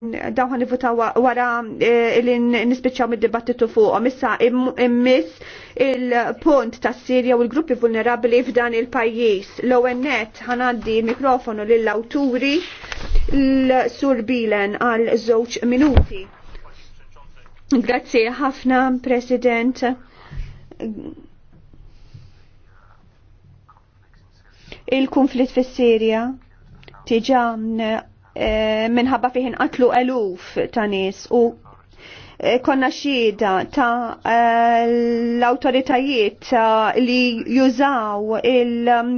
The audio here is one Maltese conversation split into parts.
daw għan nifuta wara eh, li nispiċaw mid-dibattitu fuq. Issa immiss il-punt ta' Sirja u l-gruppi vulnerabili f'dan il-pajis. L-ONET għan għaddi mikrofonu l-awturi l-Sur Bilen għal żewġ minuti. Grazie ħafna, President. Il-konflitt fis-Sirja tiġa Eh, minħabba fih inqatlu eluf ta' nies u eh, konna xida ta' eh, l-autoritajiet li jużaw il- mm,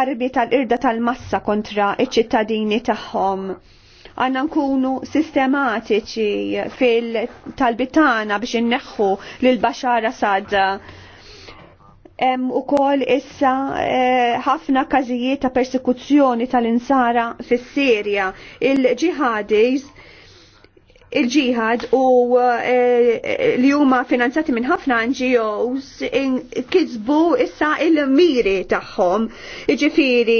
arbi tal-irda tal-massa kontra iċ-ċittadini tagħhom għanna nkunu sistematiċi fil-talbitana biex inneħħu lil baxara sadda hemm ukoll issa eh, ħafna każijiet ta' persekuzzjoni tal-insara fis-Sirja. Il-ġihadis il-ġihad u eh, eh, li huma finanzjati minn ħafna NGOs kizbu issa il-miri tagħhom. jiġifieri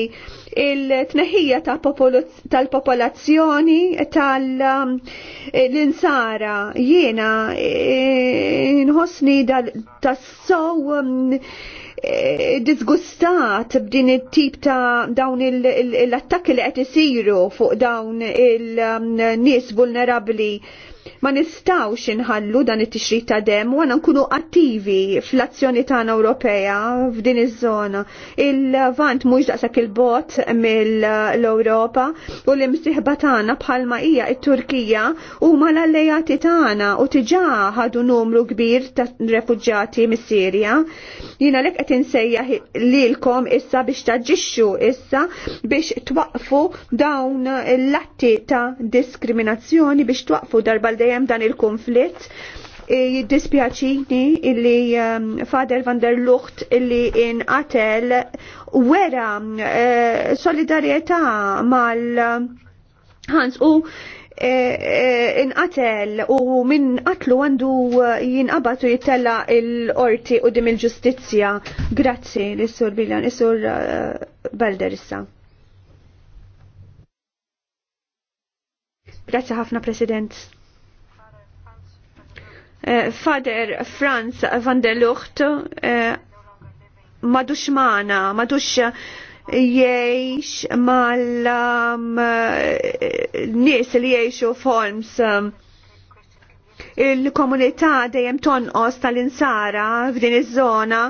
il-tneħija tal-popolazzjoni tal-insara eh, jiena nħossni tas-sow mm, disgustat b'din it-tip ta' dawn l-attakki li qed isiru fuq dawn il-nies um, vulnerabbli ma nistawx inħallu dan it-tixrid ta' dem u għana nkunu attivi fl-azzjoni tagħna Ewropea f'din iż-żona. Il-vant mux daqsak il-bot mill-Ewropa u l-imsieħba tagħna bħalma hija t-Turkija huma l-allejati tagħna u tiġà ħadu numru kbir ta' refugġati mis-Sirja. Jiena lek qed insejjaħ lilkom issa biex taġġixxu issa biex twaqfu dawn l-atti ta' diskriminazzjoni biex twaqfu darba għal dejjem dan il-konflitt jiddispjaċini illi um, Fader van der Lucht illi inqatel wera eh, solidarieta mal eh, Hans u eh, inqatel u minn qatlu għandu jinqabatu jittella il-qorti u dim il-ġustizzja. Grazzi l issur Bilan, l-Sur Balderissa. Grazzi ħafna President. Eh, Fader Franz van der Lucht eh, madux mana, madux jiex mal eh, nies li jiexu forms il-komunità dejjem tonqos tal-insara f'din iż-żona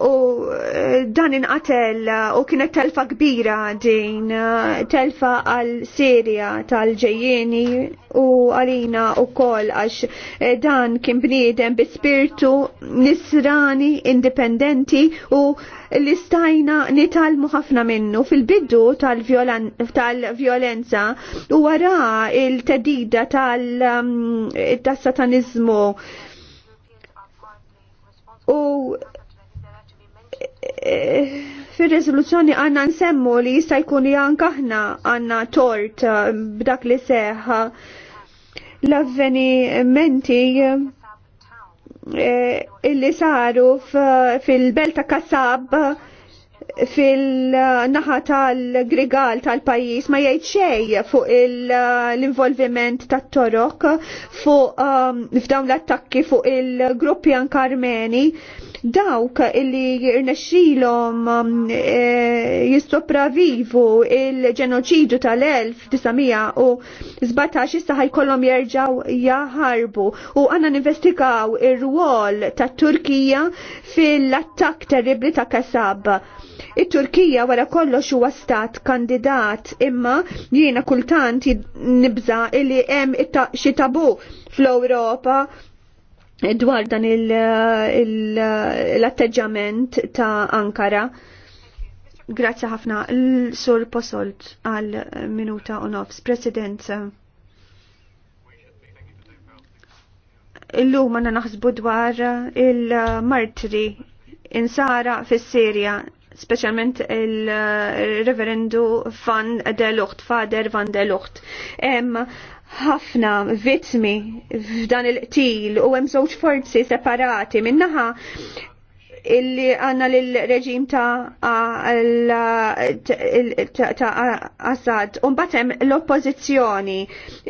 u e, dan inqatel e, u kienet telfa kbira din e, telfa għal serja tal-ġejjeni u għalina u kol għax dan kien bniedem bi spiritu nisrani indipendenti u l-istajna nitalmu ħafna minnu fil-biddu tal-violenza u għara il-tedida tal-satanizmu mm, u fil-rezoluzzjoni għanna nsemmu li jista' jkun li anka aħna għanna tort eh, b'dak li seħ l-avvenimenti eh, illi saru fil-belt ta' Kassab fil-naħa tal-grigal tal-pajis ma jgħid xej fuq l-involviment ta' torok fuq eh, f'dawn l-attakki fuq il-gruppi ankarmeni. armeni dawk illi jirnexxilhom um, eh, jissopravivu il ġenoċidu tal-1917 issa ħajkollhom jerġgħu jaħarbu u għandna ninvestigaw ir-rwol tat-Turkija fil-attakk terribli ta' Kasab. It-Turkija wara kollox huwa stat kandidat imma jiena kultant nibża illi hemm xi tabu fl-Ewropa dwar dan l-atteġġament ta' Ankara. Grazzi ħafna l-Sur Posolt għal minuta u nofs. President, illum għanna naħsbu dwar il-martri insara fis-Sirja specialment il-reverendu Van Delucht, Fader Van Delucht ħafna vittmi f'dan il-qtil u hemm żewġ forzi separati minnaħa illi għanna l-reġim ta' Assad. Unbatem l-oppozizjoni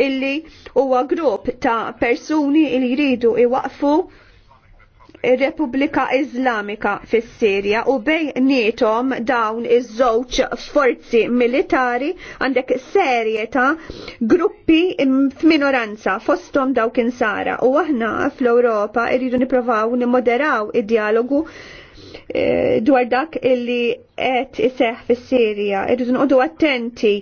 illi huwa grupp ta' persuni illi jridu iwaqfu Repubblika Islamika fis-Sirja u bej nietom dawn iż-żewġ forzi militari għandek serje ta' gruppi f'minoranza fosthom dawk insara u aħna fl-Ewropa irridu nipprovaw nimmoderaw id-dialogu Eh, dwar dak illi qed iseħ fis-Sirja. Irridu nqogħdu attenti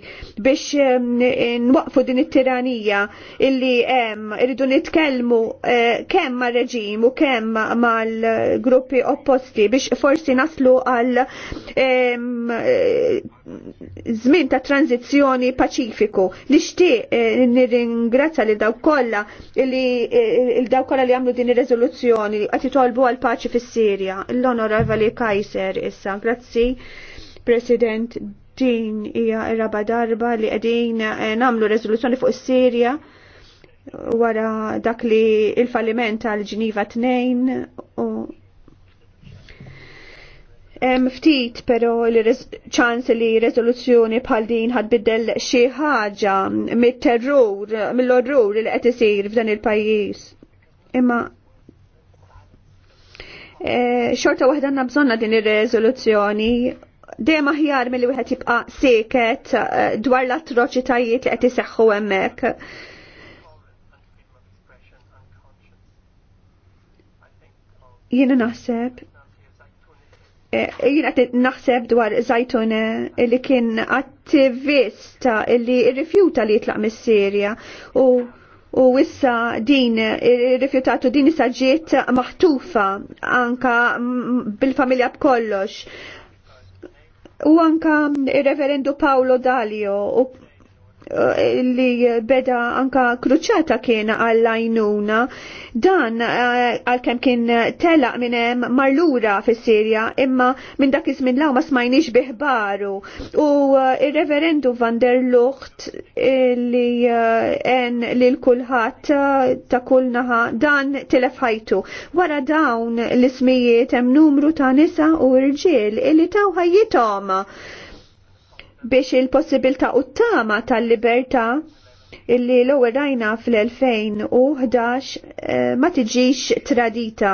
biex ehm, nwaqfu din it-tiranija illi hemm irridu nitkellmu eh, kemm ma' reġim u kemm mal-gruppi opposti biex forsi naslu għal ehm, eh, żmien ta' tranzizzjoni paċifiku. Nixtieq nirringrazza li dawk kollha li dawk kollha li għamlu din ir-reżoluzzjoni qed jitolbu għal paċi fis-Sirja. l onor l-Revali Kaiser issa. Grazzi, President, din hija raba darba li qegħdin eh, nagħmlu rezoluzzjoni fuq is-Sirja wara dak li il-falliment tal-Ġiniva 2 u Em, ftit però li ċans li rezoluzzjoni bħal din ħadbiddel xi ħaġa mit-terror, mill-orrur li qed isir f'dan il-pajjiż. Imma Eh, xorta waħda għanna bżonna din ir Dema dejjem aħjar milli wieħed jibqa' seket eh, dwar l-atroċitajiet li qed iseħħu hemmhekk. Jiena naħseb eh, jina naħseb dwar Zajtun li kien attivista li rifjuta li jitlaq mis-Sirja u u issa din rifjutatu din saġiet maħtufa anka bil-familja b'kollox. U anka il-reverendu Paolo Dalio u li beda anka kruċata kien għall-lajnuna dan eh, għal-kem kien telaq minn hemm marlura fis sirja imma minn dak iż-żmien law ma smajniex biħbaru u eh, il reverendu van der Lucht li eh, en l kulħadd ta' kull dan telef ħajtu. Wara dawn l-ismijiet hemm numru ta' nisa u rġiel illi taw ħajjithom biex il-possibilta u tama tal-liberta illi l-ewwel rajna fl-2011 eh, ma tiġix tradita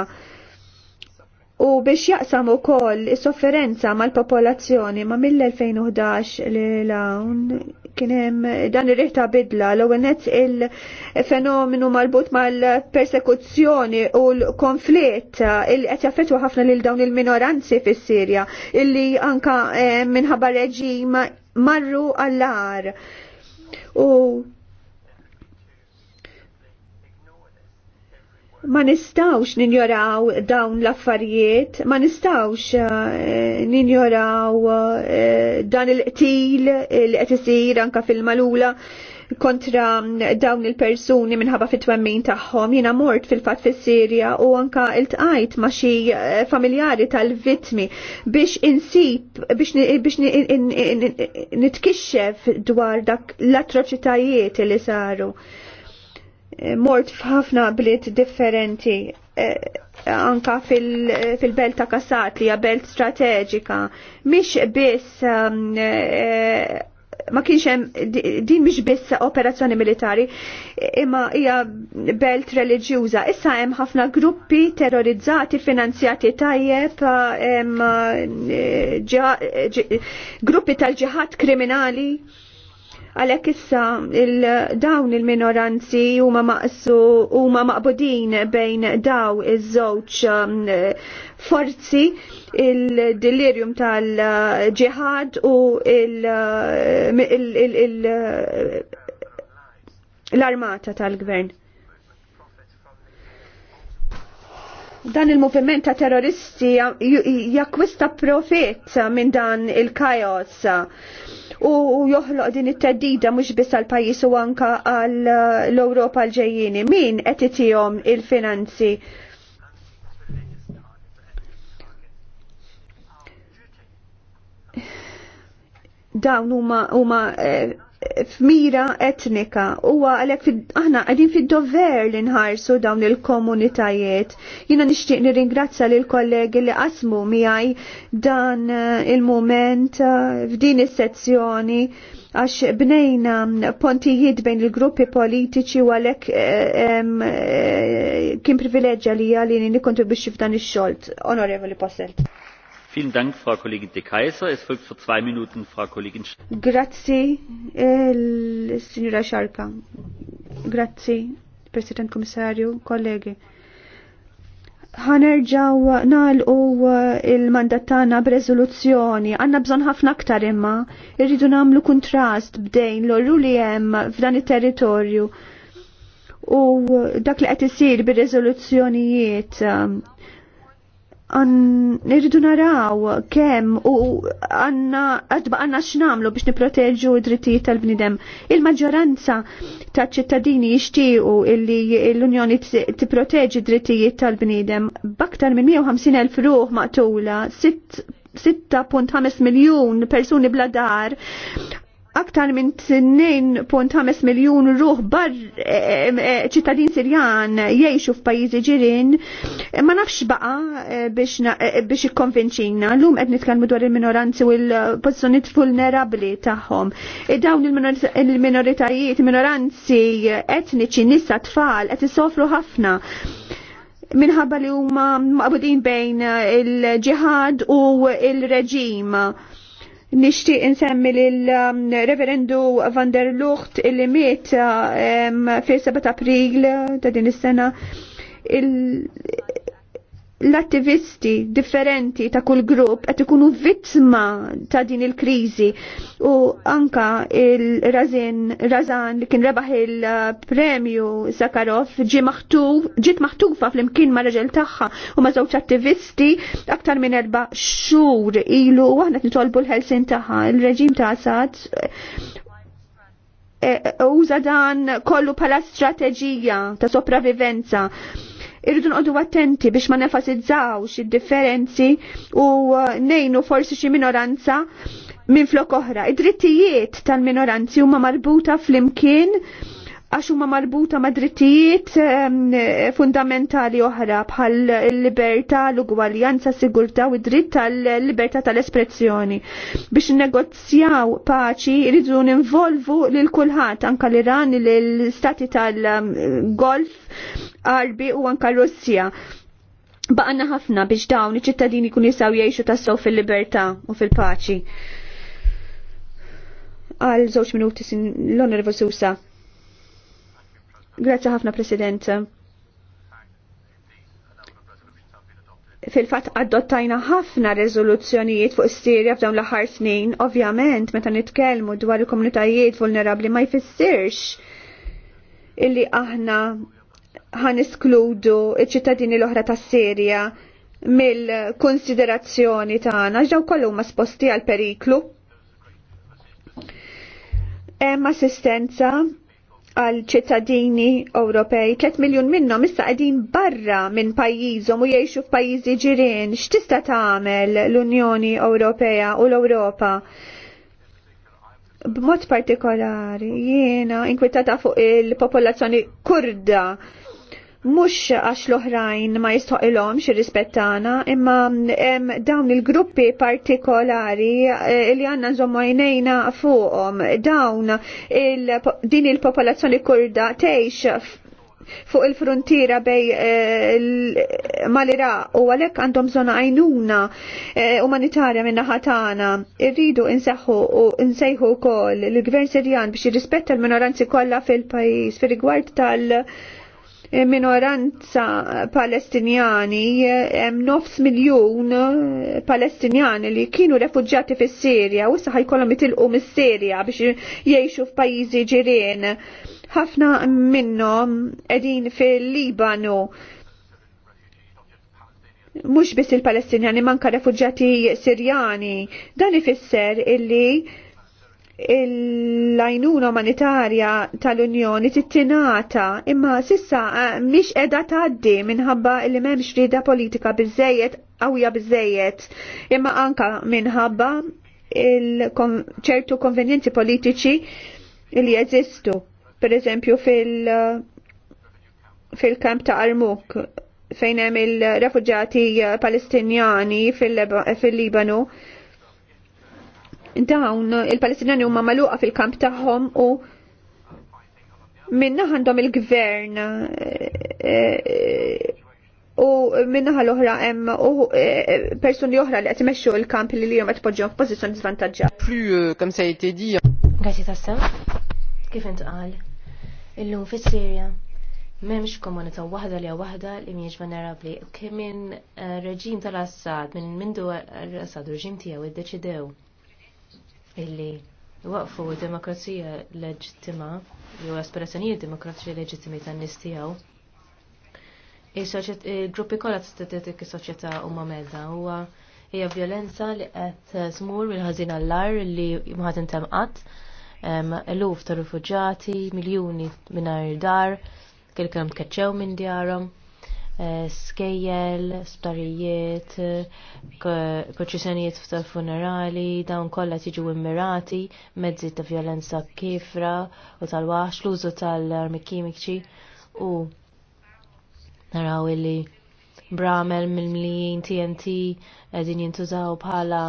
u biex jaqsam ukoll is-sofferenza mal-popolazzjoni ma mill-2011 li lawn kienem dan ir-riħta bidla l-ewwel il-fenomenu malbut mal-persekuzzjoni u l-konflitt il qed jaffettwa ħafna lil dawn il-minoranzi fis-Sirja illi anka eh, minħabba reġim marru għall-ar. U ma nistawx ninjoraw dawn l-affarijiet, ma nistawx eh, ninjoraw eh, dan il-qtil il-qed isir anka fil-malula kontra dawn il-persuni minħabba fit-twemmin tagħhom. Jiena mort fil-fatt fis-Sirja u anka iltqajt ma xi eh, familjari tal-vittmi biex insib biex nitkixxef dwar dak l-atroċitajiet li saru. Eh, mort f'ħafna bliet differenti eh, anka fil-belt ta' kasat li hija belt strateġika. Mhix biss um, eh, ma kienx hemm din mhix biss operazzjoni militari imma hija belt reliġjuża. Issa hemm ħafna gruppi terrorizzati finanzjati tajjeb gruppi tal-ġihad kriminali Għalek issa il dawn il-minoranzi huma maqsu huma maqbudin bejn daw iż-żewġ um, forzi il-delirium tal-ġihad u um, l-armata tal-gvern. dan il-moviment ta' terroristi jakwista profet minn dan il-kajos u joħloq din it-teddida mhux biss għal pajjiż u anka għal uh, l-Ewropa l-ġejjini. Min qed il-finanzi? Dawn huma huma eh, f'mira etnika huwa għalhekk aħna għadin fid-dover li nħarsu dawn il-komunitajiet. Jiena nixtieq li l kollegi li qasmu miħaj dan eh, il-mument eh, f'din is-sezzjoni għax bnejna pontijiet bejn il-gruppi politiċi u għalek eh, kien privileġġa li għalini nikontribuċi f'dan ix-xolt. Onorevoli Posselt. Grazie, eh, signora Sciarpa. Grazie, President Kommissarju, kollegi. Ħanerġaw nagħlqu eh, il-mandat tagħna b'reżoluzzjoni. Għandna bżonn ħafna aktar imma irridu nagħmlu kontrast bdejn l-orru li hemm f'dan it-territorju u dak li qed isir bir-reżoluzzjonijiet eh, Nirridu naraw kem u għanna għadba għanna x'namlu biex niproteġu id-drittijiet tal-bnidem. Il-maġġoranza ta' ċittadini jixtiequ illi l-Unjoni tipproteġi id drittijiet tal-bnidem b'aktar minn 150,000 ruħ maqtula, 6.5 miljon persuni bla dar aktar minn 2.5 miljun ruħ bar eh, eh, eh, ċittadin Sirjan jiexu f'pajjiżi ġirin, ma nafx baqa biex ikkonvinċina. Lum qed nitkellmu dwar il-minoranzi u l-pożizzjonijiet vulnerabbli tagħhom. dawn il-minoritajiet, minoranzi etniċi, nisa, tfal qed isofru ħafna minħabba li huma maqbudin bejn il-ġihad u il-reġim. il ġihad u il il ġihad u il reġim Nishti insemmi l-reverendu um, van der Lucht illi miet um, fil-7 april ta' din is-sena l-attivisti differenti ta' kull grupp qed ikunu vittma ta' din il-kriżi u anka il-razin razan li kien rebaħ il-premju Sakarov ġi maħtuf ġiet maħtufa fl-imkien ma' raġel tagħha u ma' żewġ attivisti aktar minn erba' xhur ilu u aħna nitolbu l-ħelsin tagħha il-reġim ta' Assad e, e, uża dan kollu pala strateġija ta' sopravivenza irridu nqodu attenti biex ma nefasizzawx id-differenzi u eh, nejnu forsi xi minoranza minn flok oħra. Id-drittijiet tal-minoranzi huma marbuta fl-imkien għax huma marbuta ma' drittijiet ehm, fundamentali oħra bħal libertà, l-ugwaljanza, sigurtà u dritt tal-libertà tal-espressjoni. Biex negozzjaw paċi rridu ninvolvu lil kulħadd anka l-Iran, l-Stati tal-Golf, Arbi u anka Russja. Baqanna ħafna biex dawn iċ-ċittadini kun jisaw jgħixu tassew fil-libertà u fil-paċi. Għal żewġ minuti sin l-Onorevol Susa. Grazie ħafna, President. fil-fat adottajna ħafna rezoluzzjonijiet fuq Sirja f'dawn l-aħħar snin, ovvjament meta nitkellmu dwar il-komunitajiet vulnerabbli ma jfissirx illi aħna ħan iskludu iċ-ċittadini l-oħra ta' Sirja mill-konsiderazzjoni tagħna dawn kollu ma sposti għal periklu. Hemm assistenza għal ċittadini Ewropej, 3 miljon minnhom issa qegħdin barra minn pajjiżhom u jgħixu f'pajjiżi ġirien. X'tista' tagħmel l-Unjoni Ewropea u l-Ewropa? B'mod partikolari jiena inkwitata fuq il-popolazzjoni kurda mux għax l-oħrajn ma jistoqilom xirrispettana, imma em, dawn il-gruppi partikolari eh, li għanna għajnejna fuqom, dawn il din il-popolazzjoni kurda teħx fuq il-frontiera bej eh, mal-Iraq u għalek għandhom zona għajnuna eh, umanitarja minna ħatana irridu insaħu u nsejħu kol l-gvern sirjan biex jirrispetta l-minoranzi kollha fil-pajis fil-rigward tal- minoranza palestinjani, hemm nofs miljun palestinjani li kienu refugġati fis sirja u issa ħajkollhom itilqu mis-Sirja biex jgħixu f'pajjiżi ġirien. Ħafna minnhom qegħdin fil-Libanu. Mhux biss il-Palestinjani manka refugġati Sirjani. Dan ifisser illi l-lajnuna umanitarja tal-Unjoni tittinata imma sissa eh, mhix qiegħda tgħaddi minħabba li m'hemmx rieda politika biżejjed qawwija biżejjed imma anka minħabba ċertu konvenjenzi politiċi li jeżistu. Per eżempju fil- fil-kamp ta' Armuk fejn hemm il-refuġati Palestinjani fil-Libanu. fil libanu Dawn il-Palestinani huma maluqa fil-kamp tagħhom u minna għandhom il-gvern eh, eh, u minna l oħra hemm u eh, persuni oħra li qed imexxu l-kamp li lihom qed poġġew f'pożizzjoni żvantaġġjata. Plus kemm se Grazzi tassa, Kif intqal? Illum fis-Sirja m'hemmx komunità waħda li waħda li mhijiex vulnerabbli. Kemm minn reġim tal-Assad, minn mindu Assad reġim tiegħu iddeċidew illi waqfu demokrazija leġittima jew aspirazzjonijiet demokrazija leġittimi tan-nies tiegħu. Il-gruppi kollha tistatitik is-soċjetà huma mezza huwa hija violenza li qed smur mill-ħażin għall-ar li ma ħadd qatt eluf ta' rifuġati, miljuni mingħajr dar, kelkem tkeċċew minn djarhom. Eh, skejjel, sptarijiet, koċċessjonijiet f'tal funerali, dawn kollha tiġu immirati, mezzi ta' violenza kifra u tal-waħx, l-użu tal-armi kimiċi u naraw illi bramel mill-mlijin TNT din jintużaw bħala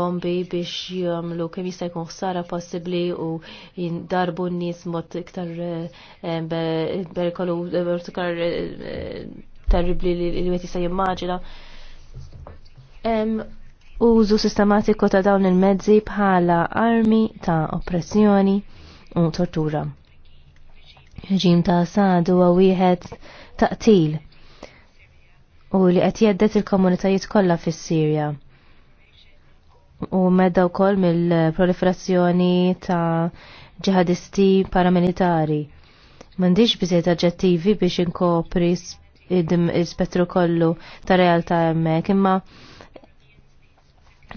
bombi biex jagħmlu kem jista' jkun ħsara possibbli u jindarbu n-nies mod iktar eh, perikolu iktar eh, terribli li l-wet jista' jimmaġina. Użu sistematiku ta' dawn il-mezzi bħala armi ta' oppressjoni u tortura. Il-ġim ta' sadu huwa wieħed til u li qed jeddet il-komunitajiet kollha fis-Sirja u medda wkoll mill-proliferazzjoni ta' ġihadisti paramilitari. M'għandix biżejt aġġettivi biex inkopri spettru kollu ta' realtà emmek, imma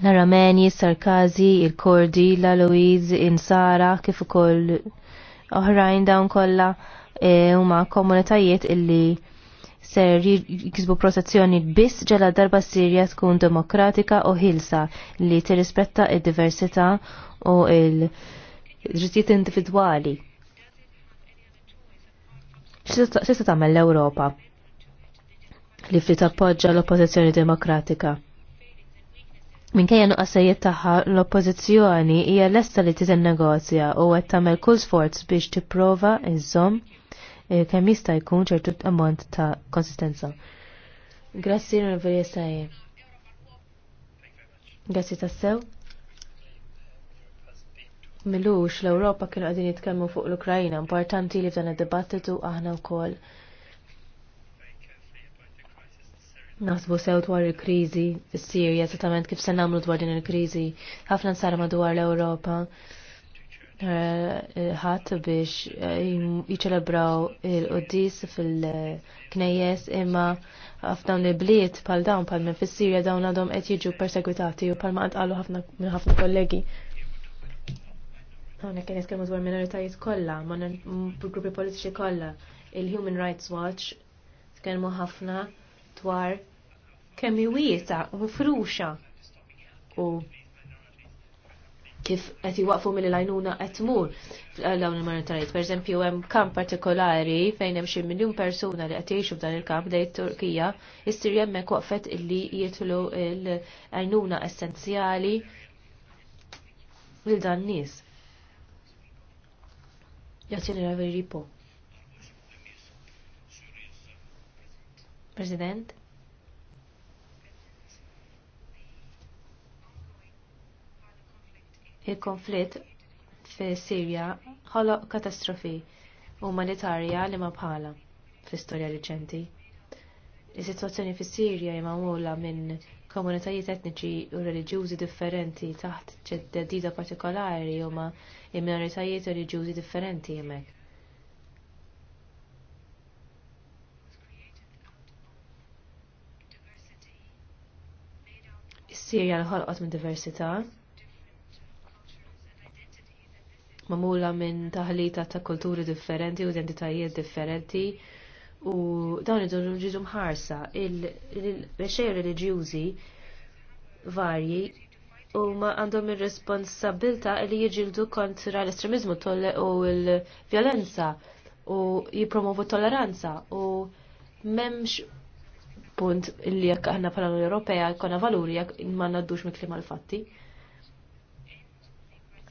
l-Arameni, Sarkazi, il-Kordi, l in Insara, kif ukoll oħrajn dawn kollha e, huma komunitajiet illi ser jikisbu protezzjoni biss ġela darba Sirja tkun demokratika u ħilsa li tirrispetta id-diversità u il-ġittijiet individwali. Xista tagħmel l-Ewropa? li ftit appoġġa l-Oppożizzjoni Demokratika. Minkejja nuqqasajiet tagħha l-Oppożizzjoni hija lesta li tiżen negozja u qed tagħmel kull sforz biex tipprova iżomm eh, kemm jista' jkun ċertu ammont ta' konsistenza. Grazzi Rinveri Saje. Grazzi tassew. Milux l-Ewropa kienu għadin jitkellmu fuq l-Ukrajna, importanti li f'dan id-dibattitu aħna wkoll Nasbu sew dwar il-krizi fis-Sirja esattament kif se nagħmlu dwar din il-krizi. Ħafna nsar madwar l-Ewropa eh, ħadd biex eh, jiċċelebraw il-qoddis fil-knejjes imma f'dawn il-bliet pal dawn pal minn fis-Sirja dawn għadhom qed jiġu persegwitati u palma qed qalu ħafna minn ħafna kollegi. Hawnhekk kien jitkellmu dwar minoritajiet kollha, gruppi politiċi kollha. Il-Human Rights Watch tkellmu ħafna dwar kemm wiesa u mifruxa u kif qed iwaqfu mill lajnuna qed tmur fl il-monitorit. Per eżempju hemm kamp partikolari fejn hemm xi miljun persuna li qed jgħixu f'dan il-kamp dej Turkija, issir hemmhekk waqfet illi jitlu l-għajnuna essenzjali lil dan nies. Jaċċini la veri po. President? Il-konflitt fi Sirja ħoloq katastrofi umanitarja li ma bħala fl-istorja riċenti. Is-sitwazzjoni fis Sirja hija magħmula minn komunitajiet etniċi u reliġjużi differenti taħt ġeddida partikolari huma minoritajiet reliġjużi differenti hemmhekk. Is-Sirja l-ħolqot minn diversità mamula minn taħlita ta' kulturi differenti u identitajiet differenti u dawn id-dun ġidu mħarsa il-rexej religjużi varji u ma għandhom ir-responsabilta li jiġildu kontra l-estremizmu u l-violenza u jipromovu tolleranza u memx punt li jekk aħna bħala l-Ewropea jkollna valuri jekk ma naddux mill-klima l-fatti.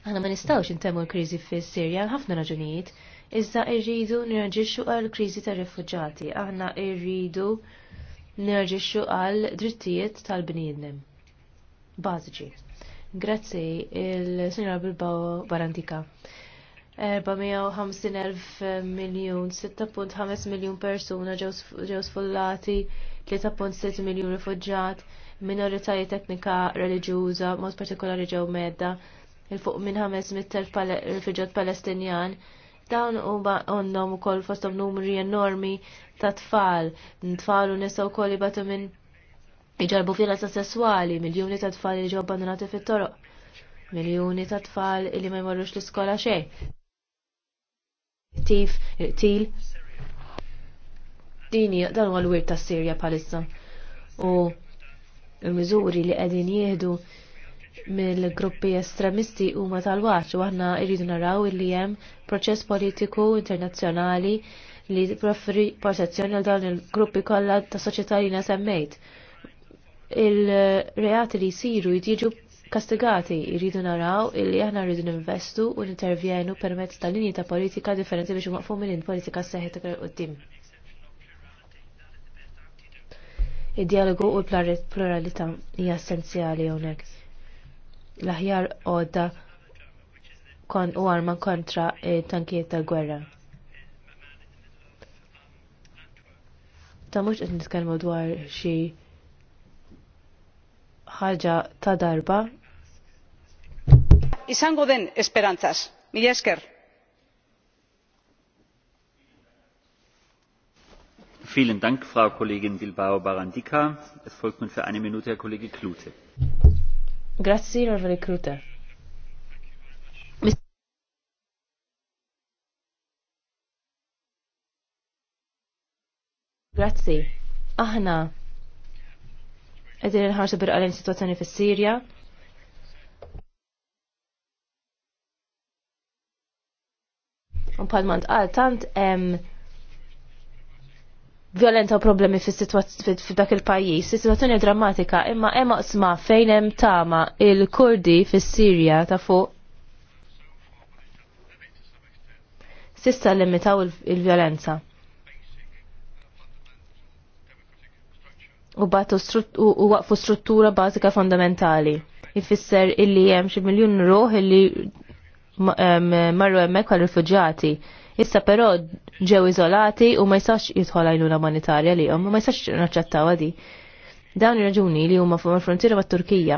Għana ma nistawx intemmu l-krizi fis sirja ħafna raġunijiet, iżda irridu nirġixxu għal krizi tar rifugġati aħna irridu nirġixxu għal drittijiet tal-bniednem. Bażiċi. Grazzi il-Sinjora Bilbao Barantika. 450.000 miljon, 6.5 miljon persuna ġew sfollati, 3.6 miljon rifugġat, minoritajiet etnika reliġjuża, mod partikolari ġew medda, il-fuq minn 500 rifugjat palestinjan dawn u għonnom u koll fostom numri enormi ta' tfal, tfal u nisa u koll jibatu minn iġarbu ta' sessuali, miljoni ta' tfal li ġew abbandonati fit-toroq, miljoni ta' tfal li ma jmorrux l-iskola xejn. Tif, til, dini dan huwa l-wirt ta' Sirja palissa. U l-miżuri li qegħdin jieħdu mill-gruppi estremisti huma tal-waċ u aħna rridu naraw illi hemm proċess politiku internazzjonali li proffri protezzjoni għal dawn il-gruppi kollha ta' soċjetà li semmejt. Il-reati li jsiru jtiġu kastigati jridu naraw illi aħna rridu ninvestu u nintervjenu permezz tal linji ta' politika differenti biex maqfu minn politika seħet ta' qudiem. Id-dialogu u l-pluralità hija essenzjali hawnhekk l-aħjar għodda kon u arma kontra tankijiet ta' gwerra. Ta' mux qed nitkellmu dwar xi ħaġa ta' darba. Isango den esperanzas. Mi jesker. Vielen Dank, Frau Kollegin Bilbao Barandika. Es folgt nun für eine Minute Herr Kollege Klute. Grazzi, Reveli Kruta. Grazzi. Aħna qegħdin inħarsu bir għalin situazzjoni fis-Sirja. U bħal tant violenta u problemi f'dak il-pajjiż, situazzjoni sitwazzjoni drammatika, imma hemm sma fejn hemm tama il-Kurdi fis-Sirja ta' fuq sissa limitaw il-violenza. U batu u waqfu struttura bażika fondamentali. Ifisser illi hemm xi miljun ruħ illi marru hemmhekk għal rifuġjati Issa però ġew iżolati u ma jistax jidħol għajnuna umanitarja li u ma jistax naċċettaw għadi. Dawn ir-raġuni li huma fuq il-frontiera mat-Turkija.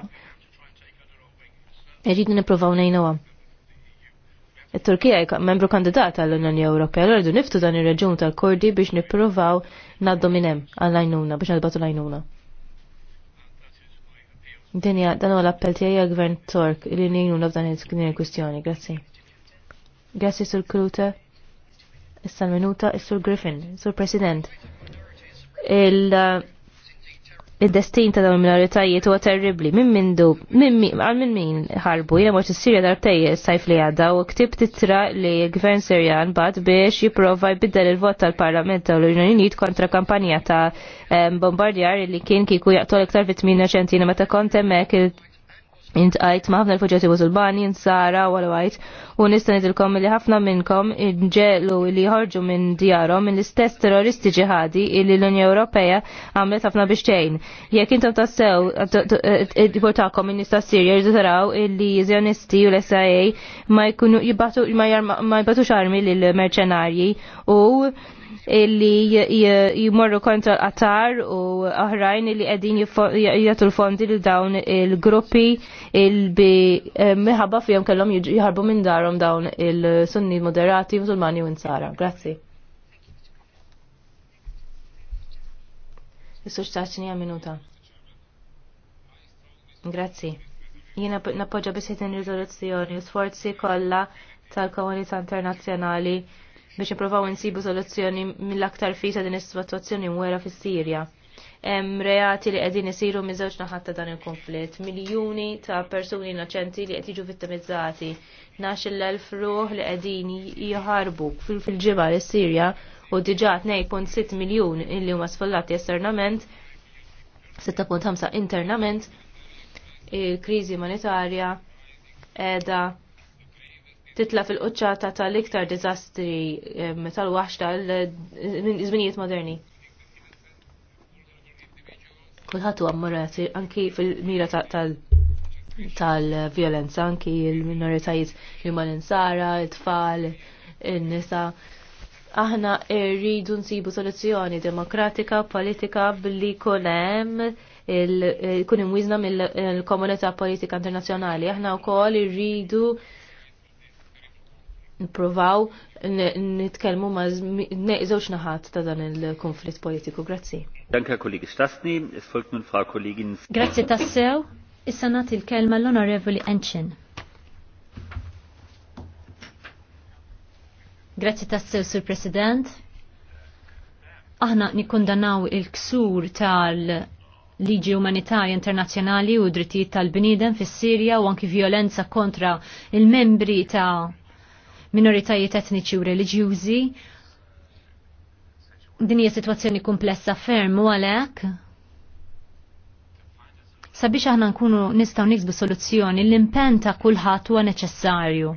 Irridu nippruvaw ngħinuha. Il-Turkija membru kandidat għall-Unjoni Ewropea, l rridu niftu dan ir-reġun tal-Kordi biex nippruvaw naddu hemm għall-għajnuna, biex nadbatu l-għajnuna. Dinja, dan huwa l-appell tiegħi għal-Gvern Tork li ngħinu f'dan il-kwistjoni, grazzi. Grazzi sur Krute. Issa l-minuta is-Sur Griffin, Sur President. Il- id-destin ta' dawn minoritajiet huwa terribli. Min mindu, għal min min ħarbu, jiena mort is-Sirja darbtej sajf li għadda u ktib titra li l-Gvern Sirjan bad biex jipprova jbiddel il-vot tal-Parlament tal parlament tal l Unit kontra kampanja ta' bombardjar li kien kiku jaqtol iktar vitmina ċentina meta kont hemmhekk intqajt ma' ħafna l u zulbani, insara u għal-għajt u nista' nidilkom li ħafna minnkom inġelu li jħorġu minn djarhom minn l-istess terroristi ġihadi li l-Unja Ewropea għamlet ħafna biex ċejn. Jekk intom tassew portakom minn nista' Sirja jridu taraw illi żjonisti u l-SIA ma jkunu ma l armi lill merċenarji u illi jimorru kontra l qatar u oħrajn illi qegħdin jagħtu l-fondi lil dawn il-gruppi il-bi eh, minħabba fihom kellhom jħarbu minn darhom dawn il-Sunni moderati, Musulmani u Insara. Grazzi. Is-sux taċni minuta. Grazzi. Jiena nappoġġa biss din riżoluzzjoni, sforzi kollha tal-komunità internazzjonali biex jiprofaw insibu soluzzjoni mill-aktar fisa din is-sitwazzjoni mwera fis-Sirja. Hemm reati li qegħdin isiru miżewġ naħatta naħat ta' dan il-konflitt, miljuni ta' persuni innoċenti li qed jiġu vittimizzati, nax l-elf ruħ li qegħdin jħarbu fil ġibar is sirja u diġà 2.6 miljun illi huma sfollati esternament, 6.5 internament, il-kriżi monetarja qiegħda titla fil-qċata tal-iktar dizastri eh, tal wax eh, tal-żminijiet moderni. Kulħat huwa anki fil-mira tal-violenza, anki l-minoritajiet li huma l-insara, il tfal in-nisa. Aħna rridu nsibu soluzzjoni demokratika, politika billi kunem il-kunim eh, wizna mill-komunità politika internazzjonali. Aħna wkoll irridu nipruvaw nitkellmu ma żewġ naħat ta' dan il-konflitt politiku. Grazzi. Danka kollegi Stasni, s-folk nun fra kollegin. Grazzi tassew, issa nagħti l-kelma l-Onorevoli Enchin. Grazzi tassew, Sur President. Aħna nikkundanaw il-ksur tal liġi umanitarja internazzjonali u drittijiet tal-bniedem fis-Sirja u anki violenza kontra il-membri ta' minoritajiet etniċi u reliġjużi. Din hija sitwazzjoni komplessa ferm u għalhekk sabiex aħna nkunu nistgħu niksbu soluzzjoni l-impenn ta' kulħadd huwa neċessarju.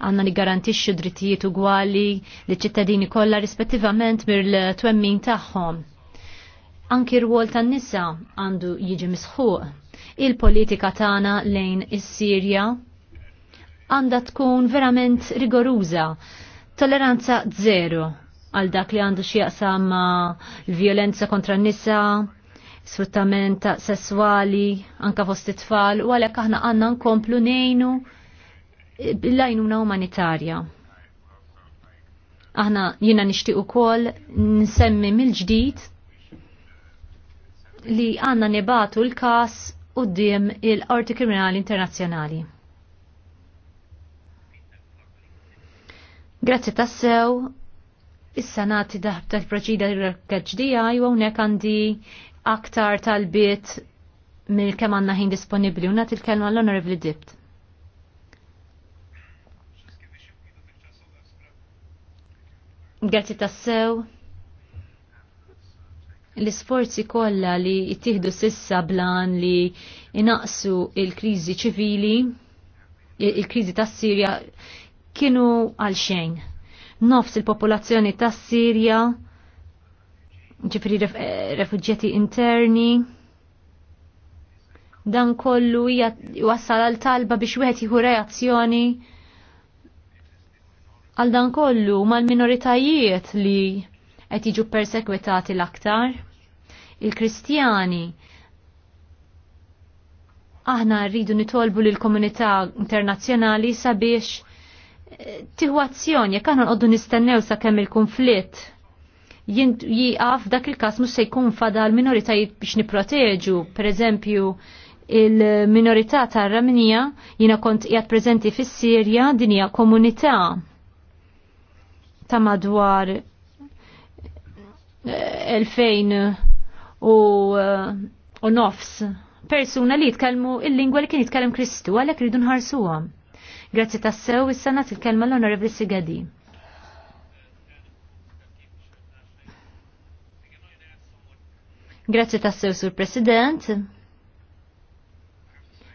Għanna li garantixxu drittijiet ugwali li ċittadini kollha rispettivament mill-twemmin tagħhom. Anki r-wol tan-nisa għandu jiġi misħuq il-politika tagħna lejn is-Sirja għandha tkun verament rigoruża. Toleranza zero għal dak li għandu xieqsam ma' l-violenza kontra n-nisa, sfruttament sessuali anka fost it-tfal u għalhekk aħna għandna nkomplu nejnu l lajnuna umanitarja. Aħna jiena nixtieq ukoll nsemmi mill-ġdid li għandna nebatu l-każ qudiem il-Qorti Kriminali Internazzjonali. Grazzi tassew, issa nati daħb tal-proċida l-kħġdija, jwa għonek għandi aktar tal-bit mill kemm għandna ħin disponibbli u nagħti l-kelma l-Honorable Dipt. Grazzi tassew. L-isforzi kollha li jittihdu sissa blan li inaqsu il-kriżi ċivili, il-kriżi tas-Sirja kienu għal xejn. Nofs il-popolazzjoni ta' Sirja, ġifri ref interni, dan kollu jwassal għal talba biex wieħed jieħu reazzjoni għal dan kollu mal-minoritajiet li qed jiġu persekwitati l-aktar. Il-Kristjani aħna rridu nitolbu lill komunità internazzjonali sabiex tiħu azzjoni, jekk aħna nqoddu nistennew kemm il-konflitt jiqaf dak il-każ mhux se jkun fada l-minoritajiet biex nipproteġu, pereżempju il-minorità tar-Raminija jiena kont qiegħed preżenti fis-Sirja din hija komunità ta' madwar 2000 eh, eh, u nofs persuna li jitkellmu il-lingwa li kien jitkellem Kristu għalek ridu nħarsuhom. Grazzi tassew, is-sena il-kelma l onorevli Sigadi. Grazzi tassew, Sur President.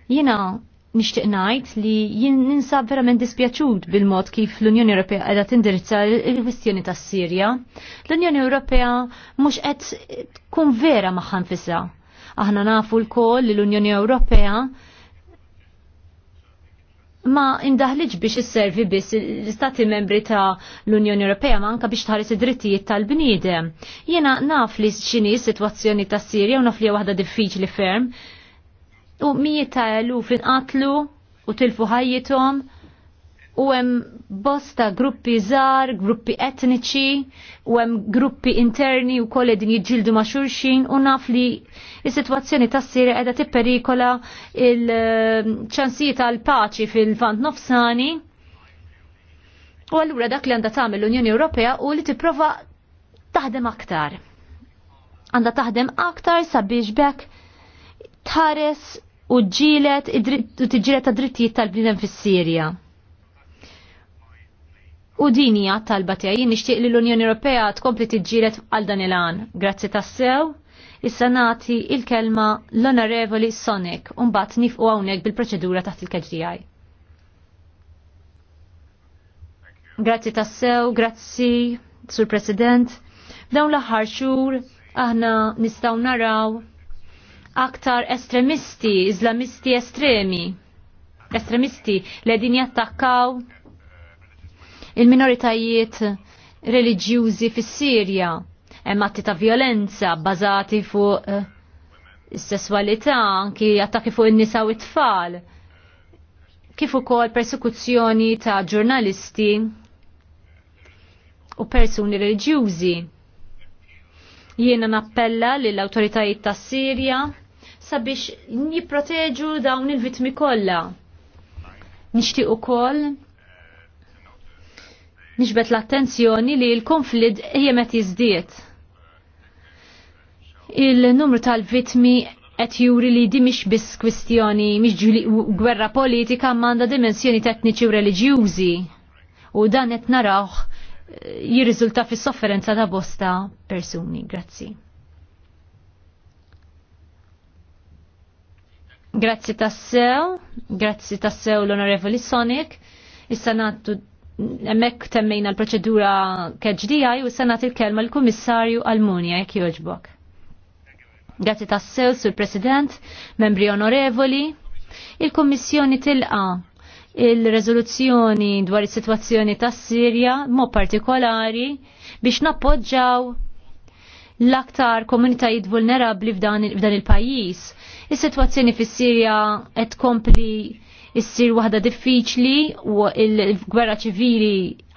Jina, nishtiq najt li jien ninsab verament dispjaċut bil-mod kif l-Unjoni Ewropea qiegħda tindirizza l-kwistjoni tas-Sirja. L-Unjoni Ewropea mhux qed tkun vera magħha nfisha. Aħna nafu l-koll li l-Unjoni Ewropea ma indaħliġ biex isservi biss l-istati membri ta' l-Unjoni Ewropea ma anka biex tħares id-drittijiet tal-bniedem. Jena naf li xini situazzjoni ta' Sirja u naf li waħda diffiċli ferm. U mijiet ta' eluf inqatlu u tilfu ħajjithom u hemm bosta gruppi żgħar, gruppi etniċi, u hemm gruppi interni u koll din jiġġieldu ma' xulxin u naf li s-sitwazzjoni tas Sirja qiegħda tipperikola il-ċansijiet għal paċi fil-vant nofsani. U allura dak li għandha tagħmel l-Unjoni Ewropea u li tipprova taħdem aktar. Għandha taħdem aktar sabiex bekk tħares u ġilet u tiġilet ta' drittijiet tal bnidem fis-Sirja U din hija talba tiegħi jien nixtieq li l-Unjoni Ewropea tkompli tiġġieled għal dan il-għan. Grazzi tassew, issa nagħti il-kelma l-Onorevoli Sonic u mbagħad nifqu hawnhekk bil-proċedura taħt il-KGI. Grazzi tassew, grazzi, Sur President. Dawn l-aħħar xhur aħna nistgħu naraw aktar estremisti, iżlamisti estremi, estremisti li din jattakkaw il-minoritajiet reliġjużi fis-Sirja hemm atti ta' violenza bbażati fuq eh, s sessualità ki anki attakki fuq in-nisa u t-tfal. Kif ukoll persekuzzjoni ta' ġurnalisti u persuni reliġjużi. Jiena nappella lill awtoritajiet tas Sirja sabiex jipproteġu dawn il-vitmi kollha. Nixtieq ukoll nixbet l-attenzjoni li l-konflitt jemet jizdiet. Il-numru tal-vitmi qed juri li di mhix biss kwistjoni mhix gwerra politika m'għandha dimensjoni tetniċi u reliġjużi. U dan qed narawh eh, jirriżulta fis-sofferenza ta' bosta persuni. Grazzi. Grazzi tassew, grazzi tassew l-Onorevoli Sonic. Is-sanattu emmek temmejna l-proċedura keġdijaj u sanat il-kelma l-Kummissarju Almunja jek joġbok. Grazie tassew sur President, membri onorevoli, il-Kommissjoni tilqa il-rezoluzzjoni dwar is-sitwazzjoni tas Sirja mo partikolari biex nappoġġaw l-aktar komunitajiet vulnerabli f'dan il-pajjiż. Is-sitwazzjoni fis-Sirja qed kompli issir waħda diffiċli u il-gwerra ċivili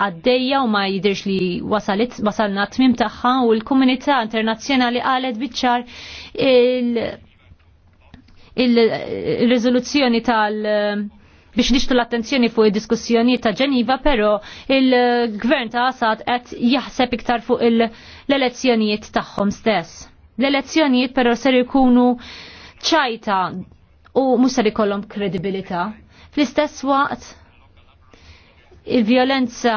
għaddejja u ma jidirx li wasalit, wasalna tmim tagħha u l-komunità internazzjonali qalet bitċar il-riżoluzzjoni tal- biex nishtu l-attenzjoni fuq id-diskussjoni ta' Ġeniva, però il-gvern ta' Assad qed jaħseb iktar fuq l-elezzjonijiet tagħhom stess. L-elezzjonijiet però ser ikunu ċajta u mhux ser ikollhom kredibilità. Fl-istess waqt il-violenza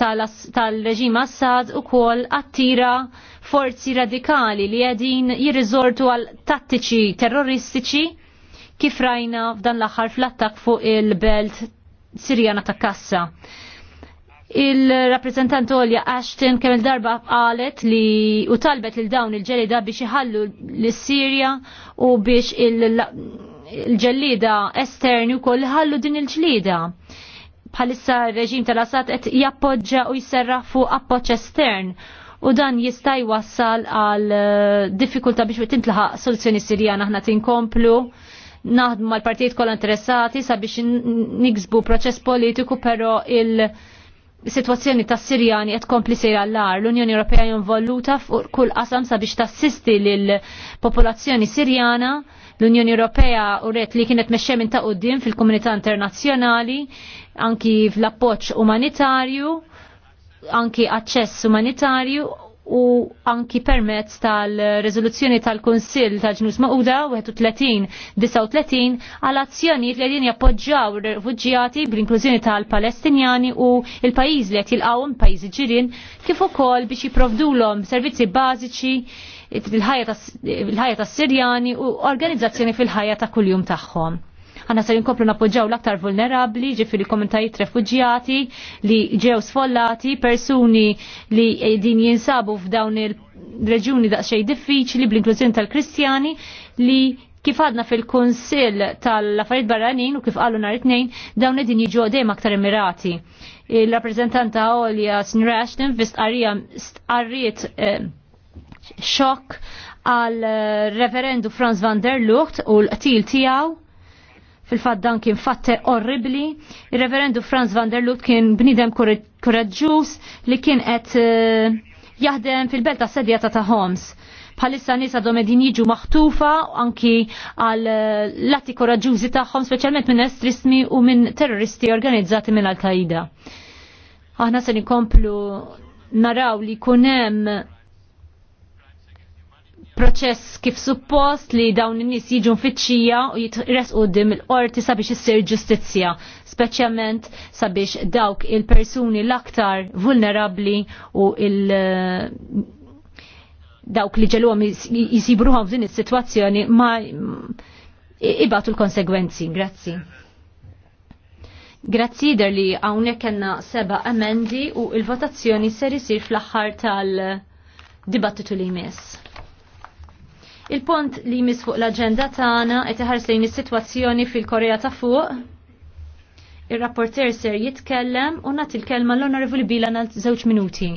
tal-reġim tal Assad u kol attira forzi radikali li għedin jirriżortu għal tattiċi terroristiċi kif rajna f'dan l-axar fl-attak fuq il-belt Sirjana ta' Kassa. Il-rappresentant Olja Ashton kemm il-darba qalet li u talbet lil dawn il-ġelida biex iħallu l-Sirja u biex il- l-ġellida esterni u koll ħallu din il ġellida Bħalissa reġim tal-Assad qed jappoġġa u jisserra fuq appoġġ estern u dan jista' jwassal għal diffikulta biex tintlaħaq soluzzjoni Sirjana aħna tinkomplu naħdmu mal-partijiet kollha interessati sabiex niksbu proċess politiku però il- situazzjoni ta' Sirjani qed kompli sejra l-ar. L-Unjoni Ewropea jinvoluta fuq kull qasam sabiex tassisti lil popolazzjoni Sirjana. L-Unjoni Ewropea uret li kienet meċċem minn ta' uddim fil-komunità internazzjonali, anki fl-appoġġ umanitarju, anki aċċess umanitarju u anki permezz tal-rezoluzzjoni tal-Konsil tal-ġnus Mauda 31-39 għal azzjonijiet li għedin jappoġġaw rifuġġjati bl-inklużjoni tal-Palestinjani u il-pajiz li għet jilqawm pajiz ġirin kif ukoll biex jiprovdulhom servizzi bażiċi il-ħajja tas-Sirjani u organizzazzjoni fil-ħajja ta' kuljum tagħhom. Għanna ser inkomplu nappoġġaw l-aktar vulnerabli, ġifiri komunitajiet refugjati li ġew sfollati, persuni li din jinsabu f'dawn il-reġuni daqsxejn diffiċli bl-inklużjoni tal-Kristjani li kif għadna fil-Konsil tal-Affarijiet Barranin u kif qalu nhar it-tnejn dawn din jiġu għodejm aktar Emirati. Il-rappreżentanta Olja Sinra Ashton fi stqarriet eh, xokk għal eh, reverendu Franz van der Lucht u l-qtil tiegħu fil-fatt dan kien fatte orribli. Ir-Reverendu Franz van der Lut kien bnidem koraġġuż li kien qed eh, jaħdem fil-belt sedja ta' ta' Homs bħalissa nisa domedin jiġu maħtufa anki għal eh, lati koraġużi tagħhom speċjalment minn Estrismi u minn terroristi organizzati minn Al-Qaida. Aħna se nikomplu naraw li kunem hemm proċess kif suppost li dawn in-nies jiġu fiċċija u jitresqu dim il-qorti sabiex issir ġustizzja, speċjalment sabiex dawk il-persuni l-aktar vulnerabbli u il- dawk li ġelhom jisibruhom f'din is-sitwazzjoni ma ibatu l-konsegwenzi. Grazzi. Grazzi der li hawnhekk kellna seba' emendi u il-votazzjoni ser isir fl-aħħar tal-dibattitu li jmiss. Il-pont li jmiss fuq l-agenda tagħna qed iħares lejn is-sitwazzjoni fil-Korea ta' fuq. Ir-rapporter ser jitkellem u nagħti l-kelma l-Onorevoli Bila għal żewġ minuti.